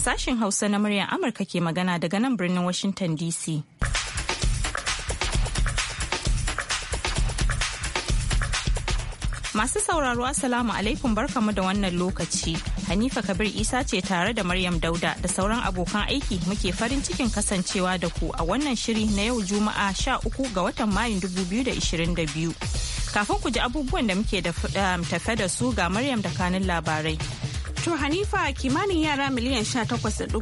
Sashen Hausa na muryar Amurka ke magana daga nan birnin Washington DC. Masu sauraro asalamu alaikum barkamu da wannan lokaci. Hanifa Kabir Isa ce tare da Maryam Dauda da sauran abokan aiki muke farin cikin kasancewa da ku a wannan shiri na yau Juma'a 13 ga watan Mayun 2022. Kafin ku ji abubuwan da muke um, tafe da su ga Maryam da kanin labarai. To Hanifa kimanin yara miliyan 18.5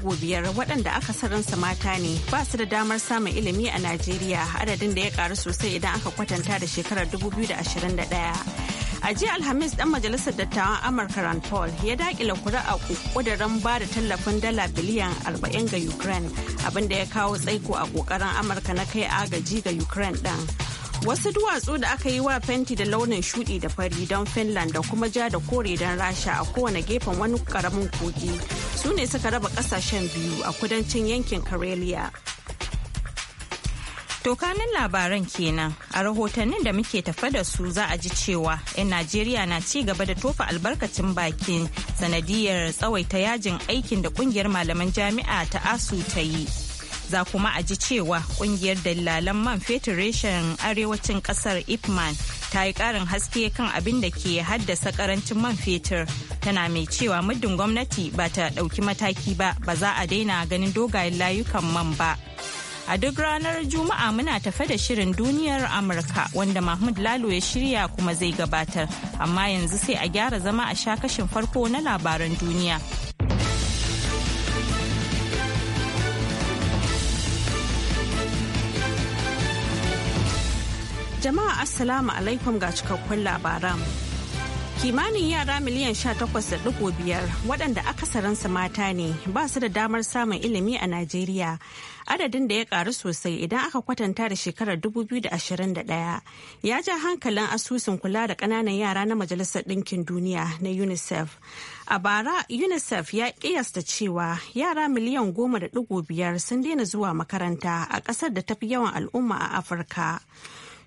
waɗanda aka su mata ne ba su da damar samun ilimi a Najeriya adadin da ya ƙaru sosai idan aka kwatanta da shekarar 2021. A jiya Alhamis dan majalisar dattawan Amurka Rand Paul ya dakila kuri'a kudurin ba da tallafin dala biliyan 40 ga Ukraine abinda ya kawo tsaiko a kokarin Amurka na kai agaji ga Ukraine din. Wasu duwatsu da aka yi wa fenti da launin shuɗi da fari don Finland da kuma ja da kore don Rasha a kowane gefen wani karamin kogi su ne suka raba kasashen biyu a kudancin yankin Karelia. Tokanin labaran kenan a rahotannin da muke tafa da su za a ji cewa 'yan Najeriya na ci gaba da tofa albarkacin bakin sanadiyar tsawaita yajin aikin da kungiyar malaman jami'a ta ASU ta yi. za kuma a ji cewa kungiyar dalalan man fetur reshen arewacin kasar ipman ta yi karin haske kan abin da ke haddasa karancin man fetur tana mai cewa muddin gwamnati ba ta dauki mataki ba ba za a daina ganin dogayen layukan man ba a duk ranar juma'a muna tafe da shirin duniyar amurka wanda mahmud lalo ya shirya kuma zai gabatar amma yanzu sai a gyara zama a sha kashin farko na labaran duniya Jama'a Assalamu alaikum ga cikakkun labaran. Kimanin yara miliyan 18.5 waɗanda akasarinsu mata ne ba su da damar samun ilimi a Najeriya. Adadin da ya ƙaru sosai idan aka kwatanta da shekarar 2021 ya ja hankalin asusun kula da ƙananan yara na Majalisar Ɗinkin Duniya na UNICEF. A bara UNICEF ya kiyasta cewa yara miliyan goma da biyar sun daina zuwa makaranta a ƙasar da tafi yawan al'umma a Afirka.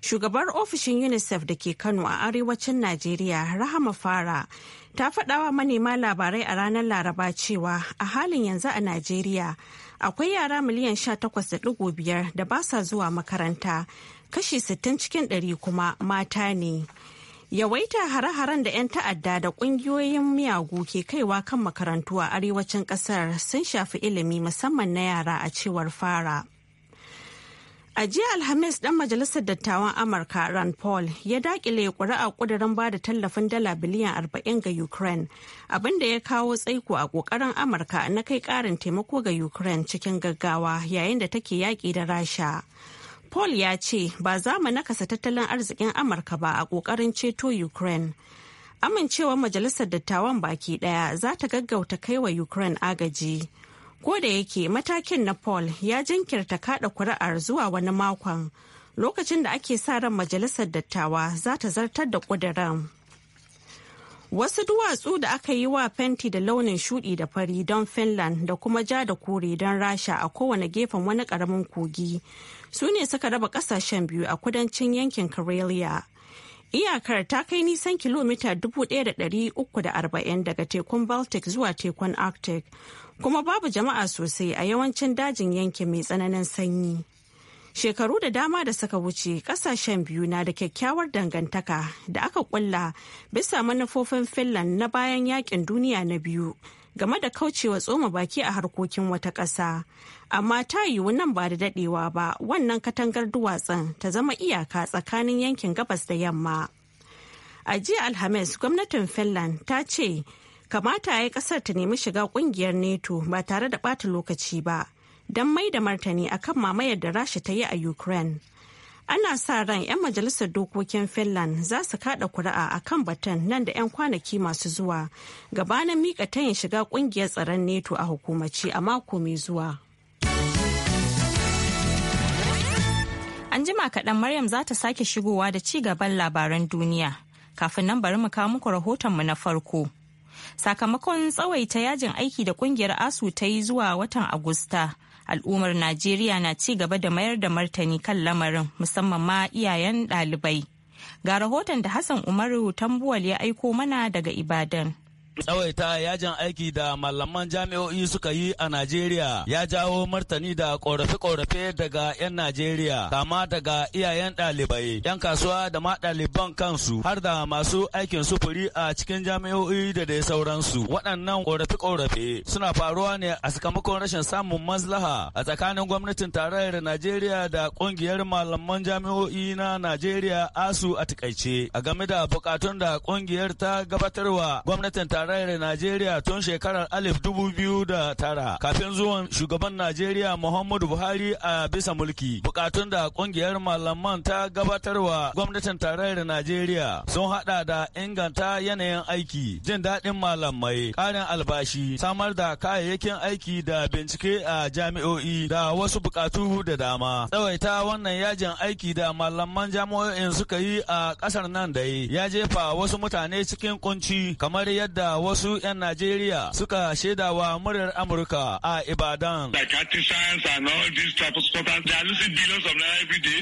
Shugabar ofishin UNICEF da ke Kano a arewacin Najeriya Rahama Fara ta faɗawa manema labarai a ranar Laraba cewa a halin yanzu a Najeriya akwai yara miliyan sha 18.5 da biyar da ba sa zuwa makaranta kashi sittin cikin 100 kuma mata ne. Yawaita hare-haren da 'yan ta'adda da ƙungiyoyin miyagu ke kaiwa kan makarantu a arewacin ƙasar sun shafi ilimi musamman na yara a cewar fara. A jiya Alhamis ɗan Majalisar Dattawan Amurka Rand Paul ya dakile ƙuri'a ƙudurin ba da tallafin dala biliyan arba'in ga Ukraine, abin da ya kawo tsaiko a ƙoƙarin Amurka na kai ƙarin taimako ga Ukraine cikin gaggawa yayin da take yaƙi da Rasha. Paul ya ce ba za mu nakasa tattalin arzikin Amurka ba a ƙoƙarin ceto Ukraine. Amincewar Majalisar Dattawan baki ɗaya za ta gaggauta kai wa Ukraine agaji. ko da yake matakin na paul ya jinkirta kada kuri'ar zuwa wani makon lokacin da ake sa ran majalisar dattawa za ta zartar da ƙuduran. wasu duwatsu da aka yi wa fenti da launin shudi da fari don finland da kuma ja da kore don rasha a kowane gefen wani karamin kogi su ne suka raba kasashen biyu a kudancin yankin karelia Iyakar ta kai nisan kilomita 1,340 daga tekun Baltic zuwa tekun Arctic, kuma babu jama'a sosai a yawancin dajin yankin mai tsananin sanyi. Shekaru da dama da suka wuce kasashen biyu na da kyakkyawar dangantaka da aka kulla bisa manufofin Finland na bayan yakin duniya na biyu game da kaucewa tsoma baki a harkokin wata ƙasa. Amma ta yiwu nan ba da daɗewa ba wannan katangar duwatsan ta zama iyaka tsakanin yankin gabas da yamma. A jiya Alhamis gwamnatin Finland ta ce kamata ya yi ƙasar ta nemi shiga ƙungiyar NATO ba tare da ɓata lokaci ba don mai da martani akan mamayar da Rasha ta yi a Ukraine. ana sa ran 'yan majalisar dokokin finland za su kada kuri'a a kan batun nan da 'yan kwanaki masu zuwa gabanin mika tayin shiga kungiyar tsaron neto a hukumaci a mako mai zuwa an jima kaɗan maryam za ta sake shigowa da ci gaban labaran duniya kafin nan bari mu kawo muku rahotonmu na farko sakamakon tsawaita yajin aiki da kungiyar asu ta yi zuwa watan agusta al'ummar najeriya na ci gaba da mayar da martani kan lamarin musamman ma iyayen ɗalibai ga rahoton da hassan umaru tambuwal ya aiko mana daga ibadan tsawaita yajin aiki da malaman jami'o'i suka yi a Najeriya ya jawo martani da korafe-korafe daga 'yan Najeriya kama daga iyayen ɗalibai, 'yan kasuwa da ma ɗaliban kansu har da masu aikin sufuri a cikin jami'o'i da dai sauransu. Waɗannan korafe-korafe suna faruwa ne a sakamakon rashin samun maslaha a tsakanin gwamnatin tarayyar Najeriya da ƙungiyar malaman jami'o'i na Najeriya ASU a takaice a game da bukatun da ƙungiyar ta gabatarwa gwamnatin tarayyar tarayyar Najeriya tun shekarar alif dubu biyu da tara kafin zuwan shugaban Najeriya Muhammadu Buhari a bisa mulki. Bukatun da kungiyar malaman ta gabatarwa gwamnatin tarayyar Najeriya sun hada da inganta yanayin aiki, jin daɗin malamai, ƙarin albashi, samar da kayayyakin aiki da bincike a jami'o'i da wasu bukatu da dama. Tsawaita wannan yajin aiki da malaman jami'o'in suka yi a kasar nan da ya jefa wasu mutane cikin kunci kamar yadda da wasu 'yan Najeriya suka shaidawa murar Amurka a Ibadan.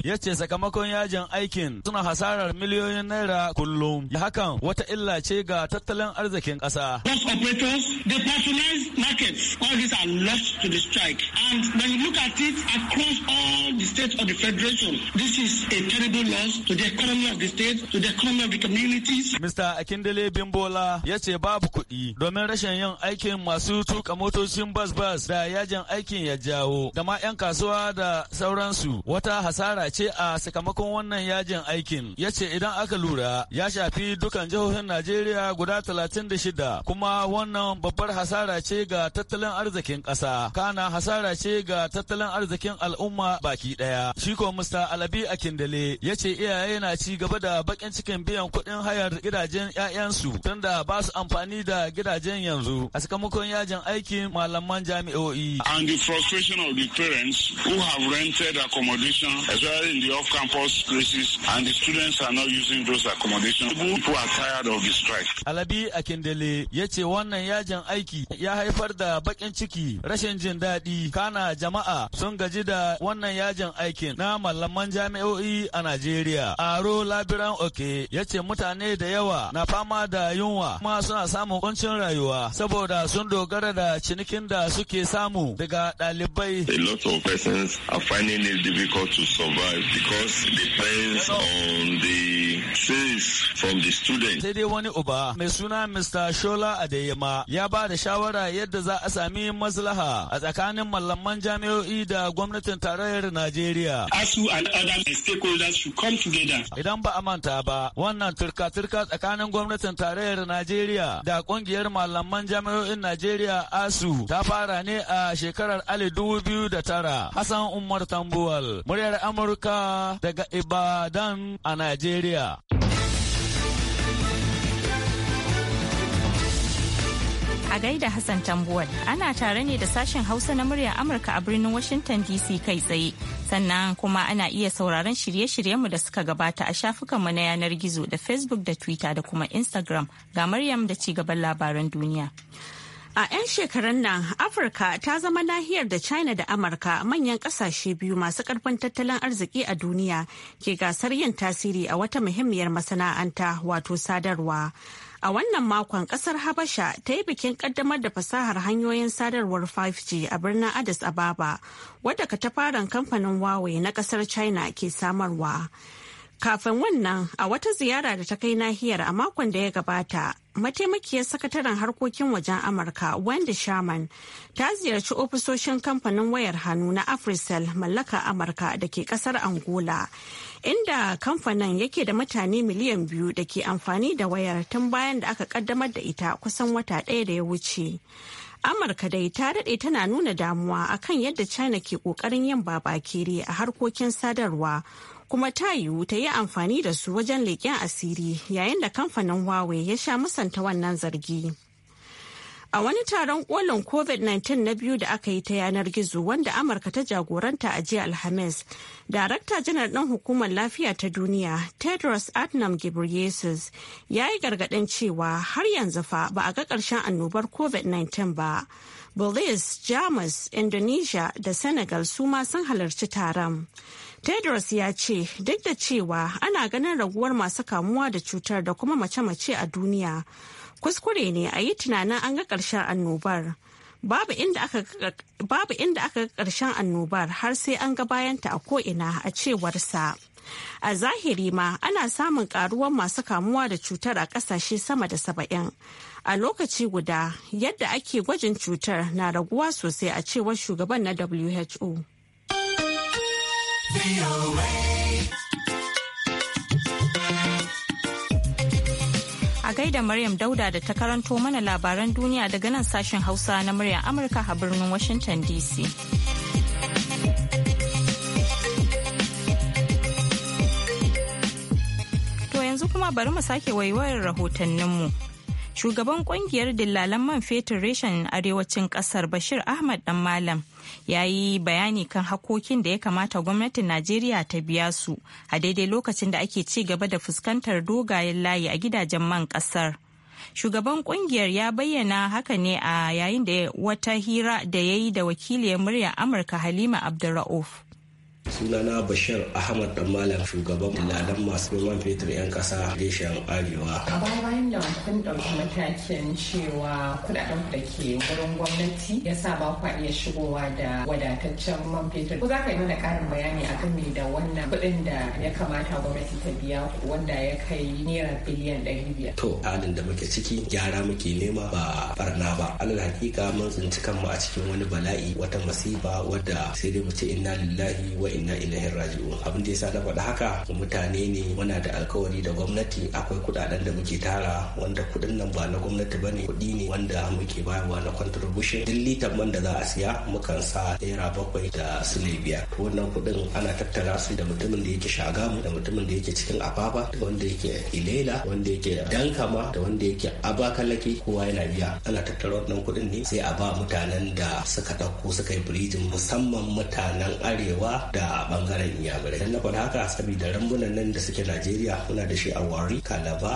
Ya ce sakamakon yajin aikin suna hasarar miliyoyin naira kullum. Da hakan wata illa ce ga tattalin arzikin ƙasa. Bus operators, they patronize markets. All these are lost to the strike. And when you look at it across all the states of the federation, this is a terrible loss to the economy of the state, to the economy of the communities. Mr. Akindele Bimbola ya ce babu babu kuɗi domin rashin yin aikin masu tuka motocin bas bas da yajin aikin ya jawo da ma 'yan kasuwa da sauransu wata hasara ce a sakamakon wannan yajin aikin ya ce idan aka lura ya shafi dukan jihohin najeriya guda talatin da shida. kuma wannan babbar hasara ce ga tattalin arzikin ƙasa kana hasara ce ga tattalin arzikin al'umma baki ɗaya shi ko mr alabi akindale ya ce iyaye na ci gaba da bakin cikin biyan kuɗin hayar gidajen 'ya'yansu tunda ba su amfani amfani da gidajen yanzu a sakamakon yajin aikin malaman jami'o'i. And the frustration of the parents who have rented accommodation especially in the off-campus places and the students are not using those accommodations. People are tired of the strike. Alabi Akindele ya ce wannan yajin aiki ya haifar da bakin ciki rashin jin daɗi kana jama'a sun gaji da wannan yajin aikin na malaman jami'o'i a Najeriya. Aro Labiran Oke ya ce mutane da yawa na fama da yunwa kuma suna samun kuncin rayuwa saboda sun dogara da cinikin da suke samu daga ɗalibai. A lot of persons are finding it difficult to survive because depends on the says from the student. Sai dai wani uba mai suna Mr. Shola Adeyema ya ba da shawara yadda za a sami maslaha a tsakanin malaman jami'o'i da gwamnatin tarayyar Najeriya. ASU and other stakeholders should come together. Idan ba a manta ba, wannan turka-turka tsakanin gwamnatin tarayyar Najeriya da kungiyar malaman jami'o'in Najeriya ASU ta fara ne a shekarar Ali dubu biyu da tara. Hassan Umar Tambuwal, muryar Amurka daga Ibadan a Najeriya. A gaida Hassan Tambuwal ana tare ne da sashen Hausa na muryar Amurka a birnin Washington DC kai tsaye. Sannan kuma ana iya sauraron shirye-shiryenmu da suka gabata a shafukanmu na yanar gizo da Facebook da Twitter da kuma Instagram ga Maryam da ci gaban labaran duniya. A 'yan shekarun nan, Afirka ta zama nahiyar da China da Amurka manyan kasashe biyu masu karfin tattalin arziki a duniya ke gasar yin tasiri a wata muhimmiyar masana'anta wato sadarwa. A wannan makon kasar Habasha ta yi bikin kaddamar da fasahar hanyoyin sadarwar 5G a birnin Addis Ababa, wadda katafaren kamfanin Huawei na kasar China ke samarwa. Kafin wannan a wata ziyara da ta kai nahiyar a makon da ya gabata, mataimakiyar sakataren harkokin wajen Amurka Wendy Sherman ta ziyarci ofisoshin kamfanin wayar hannu na Africell mallaka Amurka da ke kasar Angola, inda kamfanin yake da mutane miliyan biyu da ke amfani da wayar tun bayan da aka kaddamar da ita kusan wata ɗaya da ya wuce. Amurka dai ta daɗe tana nuna damuwa akan yadda China ke ƙoƙarin yin babakere a harkokin sadarwa kuma ta yiwu ta yi amfani da su wajen leƙen asiri yayin da kamfanin Huawei ya sha musanta wannan zargi. A wani taron kolin COVID-19 na biyu da aka yi ta yanar gizo wanda Amurka ta jagoranta a jiya Alhamis, Darakta janar ɗin Hukumar Lafiya ta Duniya, Tedros Adhanom Ghebreyesus, ya yi gargaɗin cewa har yanzu fa ba a ga ƙarshen annobar COVID-19 ba. Belize, Jamus, Indonesia da Senegal su ma sun halarci taron. Tedros ya ce duk da cewa ana ganin raguwar masu kamuwa da cutar da kuma mace-mace a duniya kuskure ne a yi tunanin an ga ƙarshen annobar. Babu inda aka ga ƙarshen annobar har sai an ga bayanta a ko'ina a cewarsa. A zahiri ma ana samun ƙaruwar masu kamuwa da cutar a ƙasashe sama da saba'in. A lokaci guda yadda ake gwajin cutar na raguwa sosai a cewar shugaban na WHO. A gaida Maryam Dauda da ta karanto mana labaran duniya daga nan sashen Hausa na murya Amurka a birnin Washington DC. To yanzu kuma bari mu sake waiwayar rahotanninmu. shugaban kungiyar dillalan man fetur reshen arewacin kasar bashir ahmad dan malam ya yi bayani kan hakokin da ya kamata gwamnatin najeriya ta biya su a daidai lokacin da ake ci gaba da fuskantar dogayen layi a gidajen man kasar shugaban kungiyar ya bayyana haka ne a yayin da wata hira da ya yi da wakiliyar muryar amurka halima abdulra'uf sunana bashir ahmad dan malam shugaban ladan masu neman fetur yan kasa reshen arewa a bayan da kun dauki matakin cewa kudaden da ke wurin gwamnati ya sa ba kwa iya shigowa da wadataccen man fetur ko za ka yi mana karin bayani akan me da wannan kuɗin da ya kamata gwamnati ta biya wanda ya kai naira biliyan ɗari biyar to halin da muke ciki gyara muke nema ba barna ba alal hakika mun tsinci kanmu a cikin wani bala'i wata masifa wadda sai dai mu ce inna lillahi wa inna ilaihi raji'un abin da yasa na faɗa haka mutane ne muna da alkawari da gwamnati akwai kuɗaɗen da muke tara wanda kuɗin nan ba na gwamnati ba ne kuɗi ne wanda muke bayarwa na contribution duk litan man da za a siya mukan sa naira bakwai da sule biyar to wannan kuɗin ana tattara su da mutumin da yake shagamu da mutumin da yake cikin ababa da wanda yake ilela wanda yake dankama da wanda yake abakalaki kowa yana biya ana tattara wannan kuɗin ne sai a ba mutanen da suka ɗauko suka yi birijin musamman mutanen arewa da da bangaren yamurai dan na faɗa haka saboda rambunan nan da suke najeriya muna da shi a wari kalaba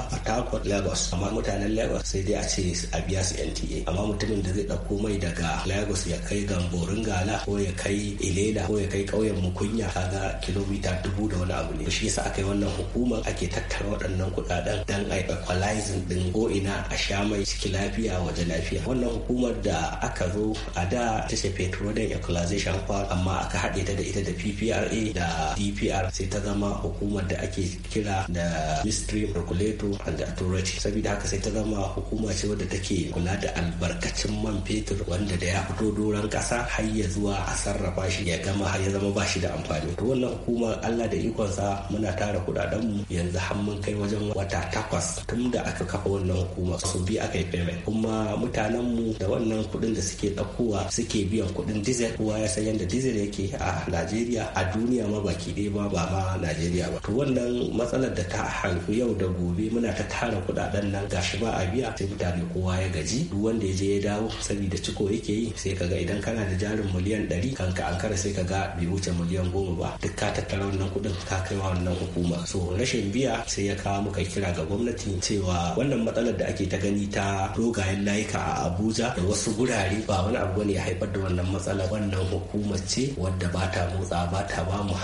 port lagos amma mutanen lagos sai dai a ce a biya su nta amma mutumin da zai ɗauko mai daga lagos ya kai gamborin gala ko ya kai ileda ko ya kai ƙauyen mukunya kaga kilomita dubu da wani abu ne shi yasa aka yi wannan hukumar ake tattara waɗannan kuɗaɗen dan a equalizing din go ina a sha mai ciki lafiya waje lafiya wannan hukumar da aka zo a da ta ce petroleum equalization amma aka haɗe ta da ita da DPRA da DPR sai ta zama hukumar da ake kira da Ministry Regulator and Authority saboda haka sai ta zama hukuma ce wadda take kula da albarkacin man fetur wanda da ya fito doron kasa har ya zuwa a sarrafa shi ya gama har ya zama ba shi da amfani to wannan hukuma Allah da ikonsa muna tara kudadenmu yanzu har mun kai wajen wata takwas tun da aka kafa wannan hukuma su bi aka yi payment kuma mutanenmu da wannan kuɗin da suke ɗaukowa suke biyan kuɗin diesel kowa ya san yadda diesel yake a Najeriya a duniya ma baki ɗaya ba ba ma najeriya ba to wannan matsalar da ta haifi yau da gobe muna ta tara kuɗaɗen nan ga shi ba a biya sai mutane kowa ya gaji duk wanda ya je ya dawo saboda ciko yake yi sai kaga idan kana da jarin miliyan ɗari kanka an kara sai kaga bai wuce miliyan goma ba duk ka tattara wannan kuɗin ka kai wa wannan hukuma so rashin biya sai ya kawo muka kira ga gwamnati cewa wannan matsalar da ake ta gani ta dogayen layuka a abuja da wasu gurare ba wani abu ne ya haifar da wannan matsala wannan hukumar ce wadda ba ta motsa ba ba ta ba mu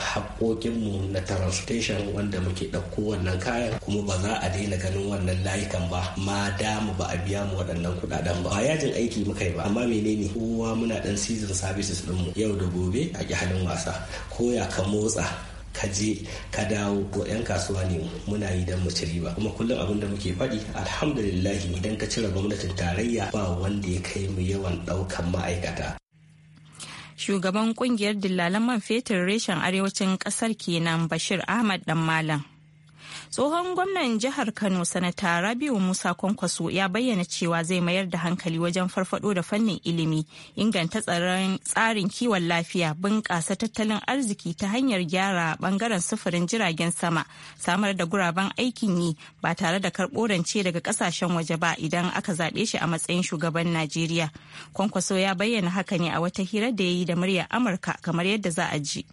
na transportation wanda muke ɗauko wannan kayan kuma ba za a daina ganin wannan layukan ba ma damu ba a biya mu waɗannan kuɗaɗen ba. Ba yajin aiki muka yi ba amma menene kowa muna ɗan season services ɗinmu yau da gobe a halin wasa ko ya ka motsa ka je ka dawo ko 'yan kasuwa ne muna yi don mu ci riba kuma kullum abin da muke faɗi alhamdulillah idan ka cire gwamnatin tarayya ba wanda ya kai mu yawan ɗaukan ma'aikata shugaban kungiyar dillalan man fetur reshen arewacin kasar kenan bashir ahmad dan malam tsohon gwamnan jihar kano sanata rabiu musa kwankwaso ya bayyana cewa zai mayar da hankali wajen farfado da fannin ilimi inganta tsarin kiwon lafiya bunƙasa tattalin arziki ta hanyar gyara bangaren sufurin jiragen sama samar da guraben aikin yi ba tare da karɓo rance daga ƙasashen waje ba idan aka zaɓe shi a matsayin shugaban najeriya kwankwaso ya bayyana haka ne a wata hira da ya yi da muryar amurka kamar yadda za a ji.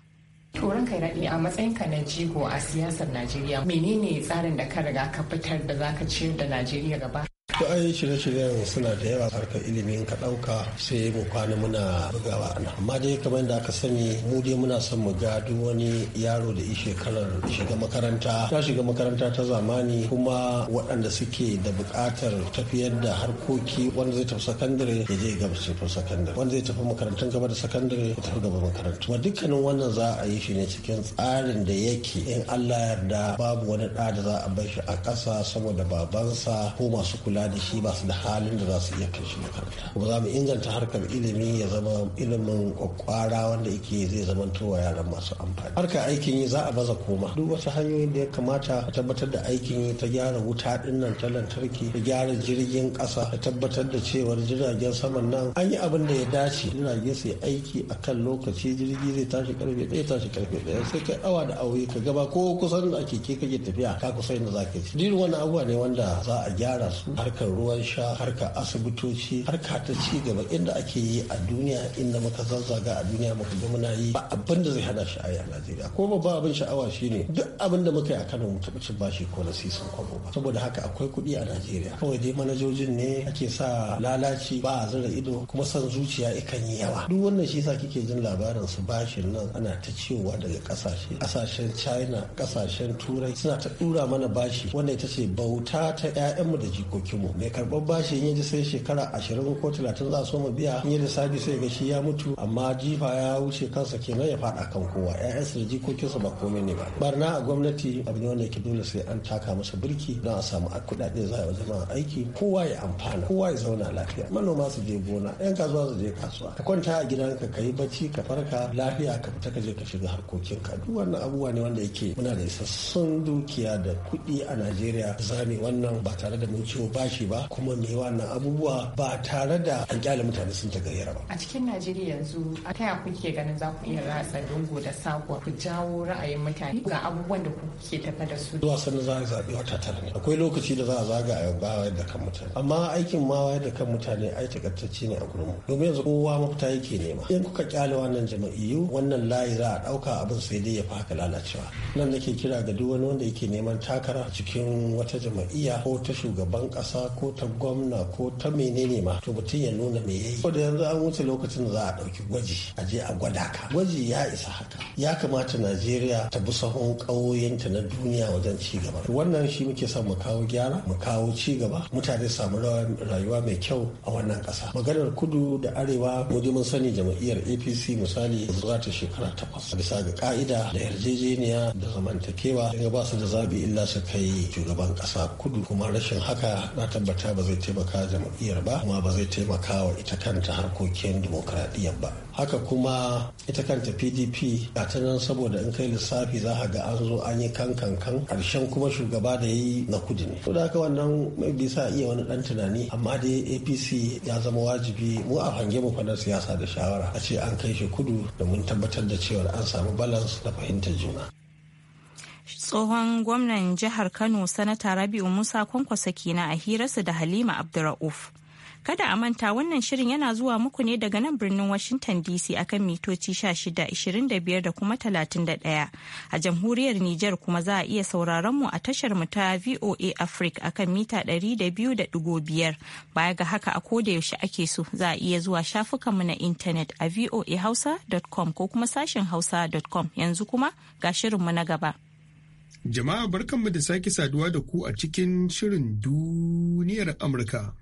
Turan kai daɗi a matsayinka na jigo a siyasar Najeriya menene tsarin da ka riga ka fitar da zaka ciyar da Najeriya gaba? To ai shirye-shiryen suna da yawa harkar ilimin ka ɗauka sai mu kwana muna bugawa ana. Amma dai kamar da aka sani mu dai muna son mu ga duk wani yaro da kalar shiga makaranta ta shiga makaranta ta zamani kuma waɗanda suke da buƙatar tafiyar da harkoki wanda zai tafi sakandare ya je gaba tafi sakandare wanda zai tafi makarantun gaba da sakandare ya tafi gaba makarantu. Wa dukkanin wannan za a yi shi ne cikin tsarin da yake in Allah yarda babu wani ɗa da za a bar shi a ƙasa saboda babansa ko masu kula kula da shi ba su da halin da za su iya kai shi makaranta kuma za mu inganta harkar ilimi ya zama ilimin kwakwara wanda yake zai zama towa yaran masu amfani harkar aikin yi za a baza koma duk wasu hanyoyin da ya kamata a tabbatar da aikin yi ta gyara wuta din nan ta lantarki ta gyara jirgin kasa ta tabbatar da cewar jiragen saman nan an yi abin da ya dace jirage su aiki a kan lokaci jirgi zai tashi karfe ɗaya tashi karfe ɗaya sai kai awa da aure ka gaba ko kusan da ake ke kake tafiya ka kusa inda za ka ci dirin wani abubuwa ne wanda za a gyara su harkar ruwan sha harkar asibitoci harka ta ci gaba inda ake yi a duniya inda muka zazzaga a duniya muka ga muna yi ba abin da zai hana shi a Najeriya ko ba abin sha'awa shine duk abin da muka yi a Kano mu taɓa cin bashi ko na sisin kwabo ba saboda haka akwai kuɗi a Najeriya kawai dai manajojin ne ake sa lalaci ba a zira ido kuma san zuciya ikan yi yawa duk wannan shi yasa kike jin labarin su bashin nan ana ta cewa daga kasashe kasashen China ƙasashen Turai suna ta dura mana bashi wanda ita ce bauta ta 'ya'yanmu da jikoki. mu mai karɓar bashi in yaji sai shekara ashirin ko talatin za so mu biya in yi lissafi sai ga shi ya mutu amma jifa ya wuce kansa kenan ya faɗa kan kowa su da jikokinsa ba komai ne ba barna a gwamnati abu ne wanda yake dole sai an taka masa birki don a samu kuɗaɗe za a jama'a aiki kowa ya amfana kowa ya zauna lafiya manoma su je gona yan kasuwa su je kasuwa ka kwanta a gidanka ka yi bacci ka farka lafiya ka fita ka je ka shiga harkokinka duk wannan abubuwa ne wanda yake muna da isassun dukiya da kuɗi a najeriya zane wannan ba tare da mun ciwo ba tashi ba kuma mai wannan abubuwa ba tare da an kyale mutane sun ta gayyara ba. A cikin Najeriya yanzu a taya kuke ganin za ku iya ratsa dungu da sako ku jawo ra'ayin mutane ga abubuwan da kuke tafa da su. Zuwa sannan za a zaɓi wata tara ne. Akwai lokaci da za a zaga a wayar da kan mutane. Amma aikin ma wayar da kan mutane ai takaitacce ne a gurin mu. Domin yanzu kowa mafita yake nema. In kuka kyale wannan jama'iyyu wannan layi za a ɗauka abin sai dai ya faka lalacewa. Nan nake kira ga duk wani wanda yake neman takara cikin wata jama'iyya ko ta shugaban ƙasa ƙasa ko ta gwamna ko ta menene ma to mutum ya nuna me yayi ko da yanzu an wuce lokacin da za a ɗauki gwaji a je a gwada ka gwaji ya isa haka ya kamata Najeriya ta bi sahun ƙauyenta na duniya wajen ci gaba wannan shi muke son mu kawo gyara mu kawo ci gaba mutane samu rayuwa mai kyau a wannan ƙasa maganar kudu da arewa mu mun sani jam'iyyar APC misali zuwa ta shekara takwas bisa ga ka'ida da yarjejeniya da zamantakewa ga ba su da zabi illa su kai shugaban ƙasa kudu kuma rashin haka na tabbata ba zai taimaka jam'iyyar ba kuma ba zai taimaka wa ita kanta harkokin dimokuraɗiyya ba haka kuma ita kanta pdp a ta nan saboda in kai lissafi za a ga an zo an yi kankan karshen kuma shugaba da yi na kudi ne to da haka wannan mai bisa iya wani dan tunani amma dai apc ya zama wajibi mu a hange mu fannin siyasa da shawara a ce an kai shi kudu domin tabbatar da cewa an samu balance da fahimtar juna tsohon gwamnan jihar kano sanata rabiu musa kwankwasa kenan a hirarsa da halima abdurra'uf kada a manta wannan shirin yana zuwa muku ne daga nan birnin washington dc akan mitoci 1625 da kuma 31 a jamhuriyar niger kuma za a iya sauraron mu a tashar mu ta voa africa akan mita 200.5 baya ga haka a koda yaushe ake so za a iya zuwa shafukanmu na intanet a voahausa.com ko kuma sashen hausa.com yanzu kuma ga shirinmu na gaba. Jama'a barkanmu da sake saduwa da ku a cikin shirin duniyar Amurka.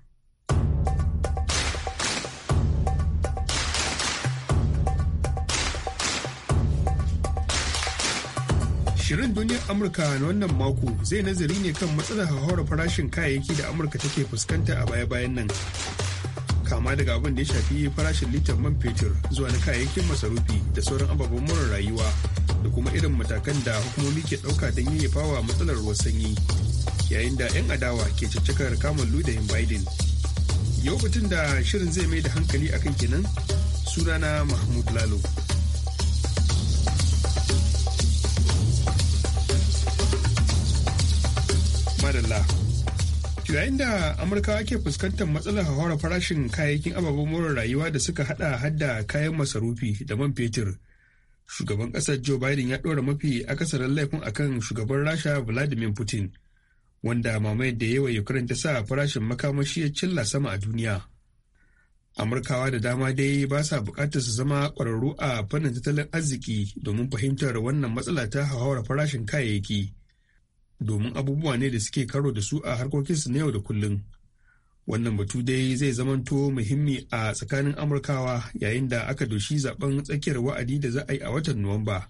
Shirin duniyar Amurka na wannan mako zai nazari ne kan matsalar hauhawar farashin kayayyaki da Amurka take fuskanta a baya-bayan nan. kama daga abin da ya shafi farashin litar man fetur zuwa na kayayyakin masarufi da sauran ababen more rayuwa da kuma irin matakan da hukumomi ke ɗauka don yayyafa wa matsalar ruwan sanyi yayin da 'yan adawa ke caccakar kamun ludayin biden yau batun da shirin zai mai da hankali akan kenan sunana mahmud lalo madalla To yayin da amurkawa ke fuskantar matsalar hauhawar farashin kayayyakin ababen more rayuwa da suka hada hadda kayan masarufi da man fetur. Shugaban kasar Joe Biden ya ɗora mafi akasarin laifin akan shugaban Rasha Vladimir Putin, wanda mamaye da yawa Ukraine ta sa farashin makamashi ya cilla sama a duniya. Amurkawa da dama dai ba sa bukatar su zama ƙwararru a fannin tattalin arziki domin fahimtar wannan matsala ta hauhawar farashin kayayyaki. domin abubuwa ne da suke karo da su a harkokinsu na yau da kullum. Wannan batu dai zai zamanto muhimmi a tsakanin Amurkawa yayin da aka doshi zaben tsakiyar wa'adi da za a yi a watan Nuwamba.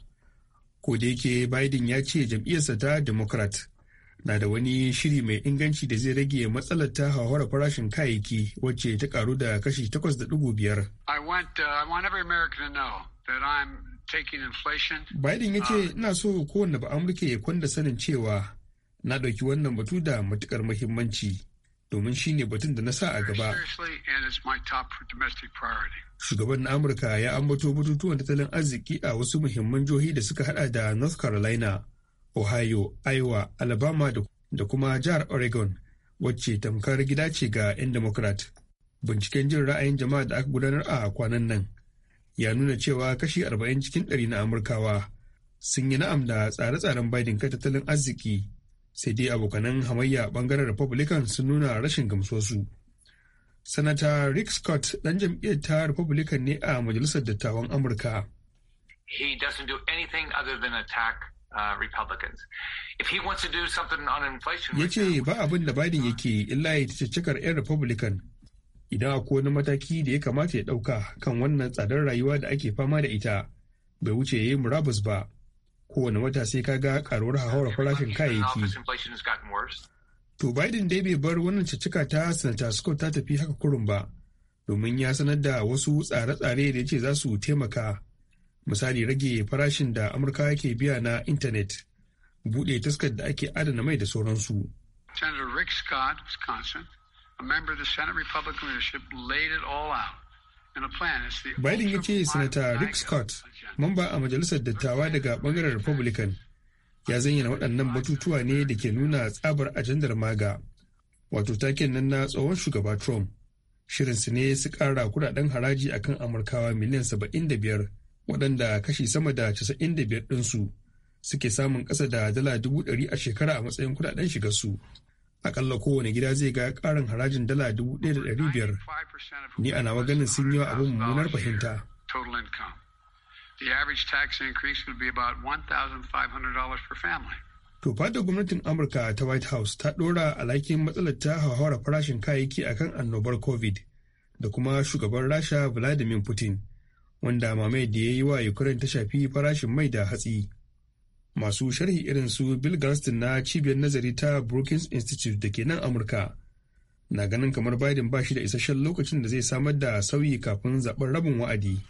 Ko da yake Biden ya ce jam'iyyarsa ta Democrat na da wani shiri mai inganci da zai rage matsalar ta hauhara farashin kayayyaki wacce ta karu da kashi 8.5. Uh, Biden ya ce um, ina so kowanne ba Amurka ya kwanda sanin cewa na ɗauki wannan batu da matukar muhimmanci domin shi ne batun da na sa a gaba. Shugaban na Amurka ya ambato batutuwan tattalin arziki a wasu muhimman jihohi da suka hada da North Carolina, Ohio, Iowa, Alabama da kuma jihar Oregon, wacce tamkar gida ce ga 'yan Democrat. Binciken jin ra'ayin jama'a da aka gudanar a kwanan nan ya nuna cewa kashi 40 cikin 100 na Amurkawa sun yi na'am da tsare-tsaren Biden kan tattalin arziki sai dai abokanan hamayya bangaren republican sun nuna rashin su sanata rick scott dan jam'iyyar ta republican ne a majalisar dattawan amurka he doesn't do anything other than attack uh, Republicans. If he wants to do something Ya ce ba abin da Biden yake illa ya cikar 'yan Republican. Idan akwai wani mataki da ya kamata ya ɗauka kan wannan tsadar rayuwa da ake fama da ita, bai wuce ya yi murabus ba. kowane wata sai ka ga karuwar hauhawar farashin kayayyaki to biden dai bai bar wannan cicika ta sanata scott ta tafi haka kurun ba domin ya sanar da wasu tsare-tsare da ya ce za su taimaka misali rage farashin da amurka ke biya na intanet buɗe taskar da ake adana mai da sauransu senator rick scott wisconsin a member of the senate republican leadership laid it all out Biden ya ce Sanata Rick Scott, mamba a Majalisar Dattawa daga bangaren Republican, ya zayyana waɗannan batutuwa ne da ke nuna tsabar ajandar maga, wato taken nan na tsohon shugaba Trump. Shirinsu ne su ƙara kudaden haraji akan Amurkawa miliyan 75 waɗanda kashi sama da casa'in biyar ɗinsu suke samun ƙasa da dala dubu ɗari a shekara a matsayin kudaden shigarsu. su. akalla kowane gida zai ga karin harajin dala 1,500 ni a nawa ganin sun yi wa abin mummunar fahimta To da gwamnatin Amurka ta White House ta ɗora alhakin matsalar ta hauhawar farashin kayayyaki akan annobar COVID da kuma shugaban Rasha Vladimir Putin, wanda mamaye da ya yi wa Ukraine ta shafi farashin mai da hatsi. masu sharhi irin su bill gunston na cibiyar nazari ta brookings institute da ke nan amurka na ganin kamar biden ba shi da isasshen lokacin da zai samar da sauyi kafin zaben rabin wa'adi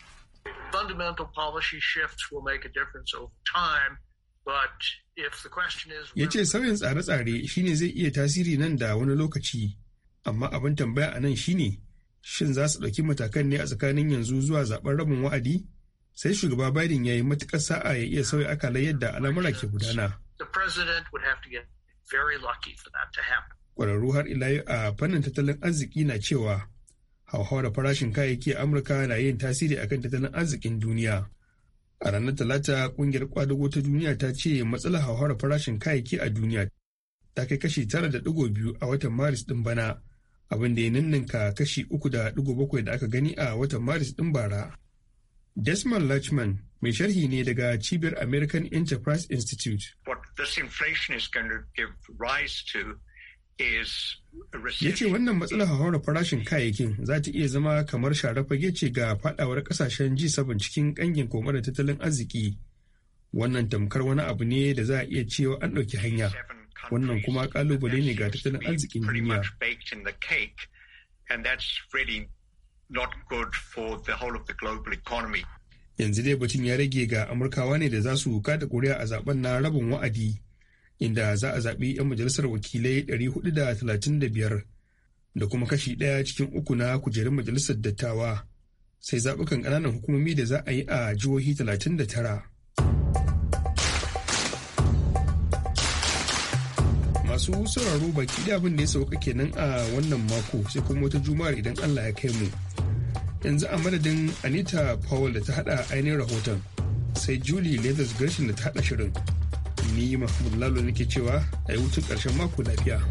ya ce sauyin tsare-tsare shine zai iya tasiri nan da wani lokaci amma abin tambaya a nan shine shin za su ɗauki matakan ne a tsakanin yanzu zuwa zaben rabin wa'adi sai shugaba Biden ya yi matuƙar sa'a ya iya sauya akalai yadda al'amura ke gudana. Ƙwararru har ila a fannin tattalin arziki na cewa hauhawar farashin kayayyaki a Amurka na yin tasiri akan tattalin arzikin duniya. A ranar Talata, ƙungiyar kwadago ta duniya ta ce matsalar hauhawar farashin kayayyaki a duniya ta kai kashi tara da digo biyu a watan Maris ɗin bana, abin da ya ninninka kashi uku da digo bakwai da aka gani a watan Maris ɗin bara. Desmond Lachman mai sharhi ne daga cibiyar American Enterprise Institute. What this inflation is going to give rise to Ya ce wannan matsalar hauhawar farashin kayayyakin za ta iya zama kamar share fage ce ga fadawar kasashen ji 7 cikin kangin da tattalin arziki. Wannan tamkar wani abu ne da za a iya cewa an ɗauki hanya. Wannan kuma kalubale ne ga tattalin arzikin duniya. not good for the whole of the Yanzu dai batun ya rage ga Amurkawa ne da za su kada kuri'a a zaben na rabin wa'adi inda za a zaɓi 'yan majalisar wakilai 435 da kuma kashi ɗaya cikin uku na kujerun majalisar dattawa sai zaɓukan ƙananan hukumomi da za a yi a jihohi 39. masu sauraro baki da abin da ya sauka kenan a wannan mako sai kuma wata juma'ar idan Allah ya kai mu. Yanzu a madadin Anita Powell da ta hada ainihin rahoton sai Julie Leathers Gershon da ta hada shirin. Ni Mahmud Lalo nake cewa a yi wutun ƙarshen mako lafiya.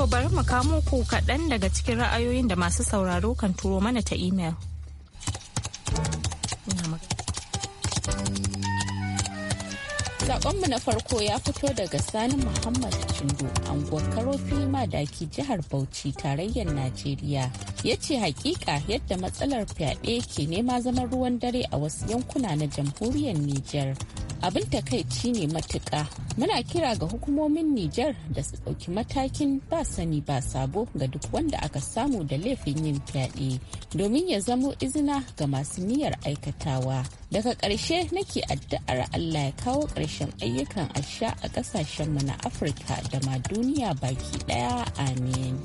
To bari mu kamo ku kaɗan daga cikin ra'ayoyin da masu sauraro kan turo mana ta imel. saƙonmu na farko ya fito daga Sani Muhammad Chindo, anguwar Karofi Madaki jihar Bauchi tarayyar Najeriya. Ya ce hakika yadda matsalar fyaɗe ke nema zaman ruwan dare a wasu yankuna na jamhuriyar Nijar. abin takaici ne matuƙa muna kira ga hukumomin Nijar da su ɗauki matakin ba sani ba sabo ga duk wanda aka samu da laifin yin fyaɗe domin ya zamo izina ga masu niyyar aikatawa daga ƙarshe nake addu'ar Allah ya kawo ƙarshen ayyukan asha a ƙasashenmu na Afirka da ma duniya baki ɗaya amin.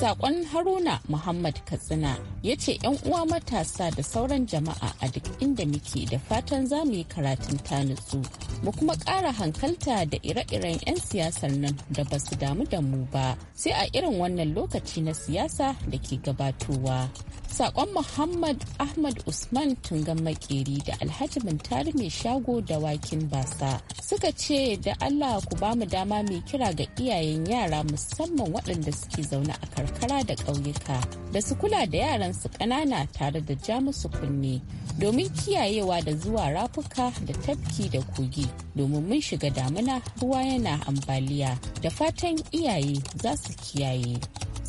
Sakon Haruna Muhammad Katsina ya ce uwa matasa da sauran jama'a a duk inda muke da fatan za mu yi karatun nutsu Mu kuma ƙara hankalta da ire-iren 'yan siyasar nan da ba su damu da mu ba sai a irin wannan lokaci na siyasa da ke gabatowa. Sakon Muhammad Ahmad Usman Tungan Makeri da Alhaji Muntari mai shago da wakin basa suka ce da Allah ku ba mu dama mai kira ga iyayen yara musamman waɗanda suke zaune a karkara da ƙauyuka da su kula da yaran su ƙanana tare da ja musu kunne domin kiyayewa da zuwa rafuka da tafki da kogi domin mun shiga damuna ruwa yana ambaliya da fatan iyaye za su kiyaye.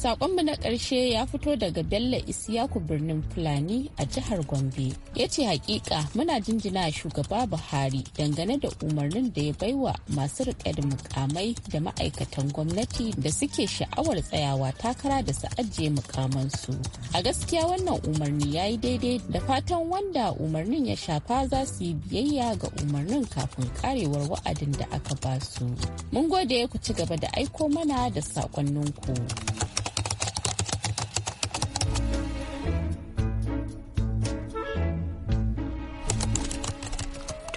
Sakonmu na ƙarshe ya fito daga Bello Isiyaku birnin Fulani a jihar Gombe. Ya ce hakika muna jinjina shugaba Buhari dangane da umarnin da ya baiwa masu riƙe da mukamai da ma'aikatan gwamnati da suke sha'awar tsayawa takara da su ajiye mukamansu. A gaskiya wannan umarni ya yi daidai da fatan wanda umarnin ya shafa za su yi biyayya ga umarnin kafin karewar wa'adin da aka ba su. Mun gode ku ci gaba da aiko mana da sakonninku.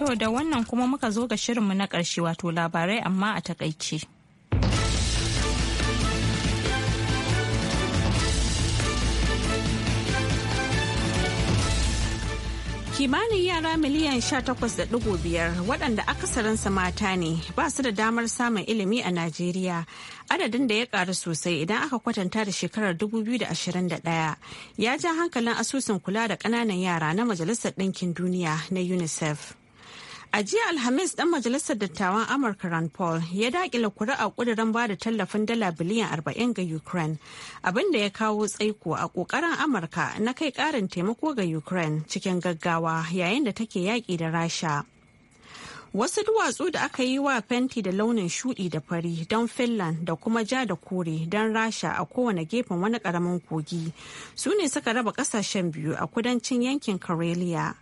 To da wannan kuma muka zo ga shirinmu na ƙarshe wato labarai amma a takaice. kimanin yara miliyan 18.5 waɗanda akasarinsa mata ne ba su da damar samun ilimi a najeriya adadin da ya ƙaru sosai idan aka kwatanta da shekarar 2021 ya ja hankalin asusun kula da ƙananan yara na majalisar ɗinkin duniya na unicef A jiya Alhamis ɗan majalisar dattawan Amurka Rand Paul ya daƙila kuri'a ƙudurin ba da tallafin dala biliyan arba'in ga Ukraine abinda ya kawo tsaiko a ƙoƙarin Amurka na kai ƙarin taimako ga Ukraine cikin gaggawa yayin da take yaƙi da Rasha. Wasu duwatsu da aka yi wa fenti da launin shuɗi da fari don Finland da kuma ja da kore don Rasha a kowane gefen wani ƙaramin kogi su ne suka raba ƙasashen biyu a kudancin yankin Karelia.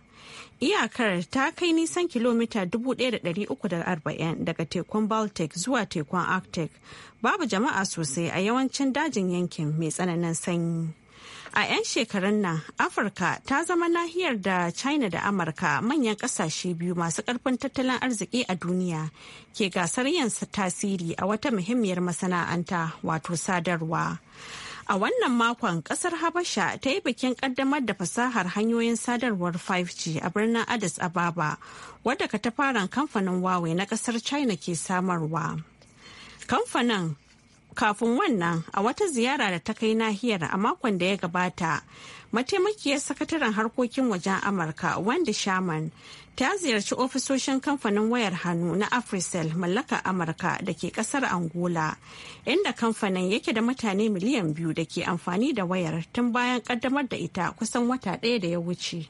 Iyakar ta kai nisan kilomita 1,340 daga tekun Baltic zuwa tekun Arctic. Babu jama'a sosai a yawancin dajin yankin mai tsananin sanyi. A 'yan shekarun nan, Afirka ta zama nahiyar da China da Amurka manyan kasashe biyu masu karfin tattalin arziki a duniya ke gasar yin tasiri a wata muhimmiyar masana'anta wato sadarwa. A wannan makon kasar Habasha ta yi bikin kaddamar da fasahar hanyoyin sadarwar 5G a birnin Addis Ababa, wadda ka ta kamfanin Huawei na kasar China ke samarwa. Kamfanin kafin wannan a wata ziyara da ta kai nahiyar a makon da ya gabata mataimakiyar sakataren harkokin wajen amurka wanda shaman ta ziyarci ofisoshin kamfanin wayar hannu na afrisel mallaka amurka da ke kasar angola inda kamfanin yake da mutane miliyan biyu da ke amfani da wayar tun bayan kaddamar da ita kusan wata ɗaya da ya wuce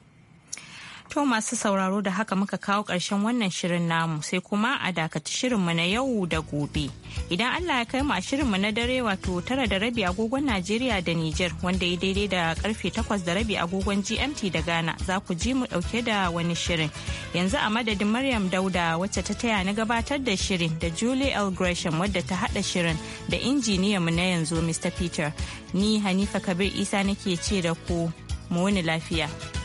To masu sauraro da haka muka kawo ƙarshen wannan shirin namu sai kuma a dakata shirinmu na yau da gobe. Idan Allah ya kai mu a shirinmu na dare wato tara da rabi agogon Najeriya da Nijar wanda ya daidai da karfe takwas da rabi agogon GMT da Ghana za ku ji mu ɗauke da wani shirin. Yanzu a madadin Maryam Dauda wacce ta taya na gabatar da shirin da Julie L. Gresham wadda ta haɗa shirin da mu na yanzu Mr. Peter. Ni Hanifa Kabir Isa nake ce da ku mu wani lafiya.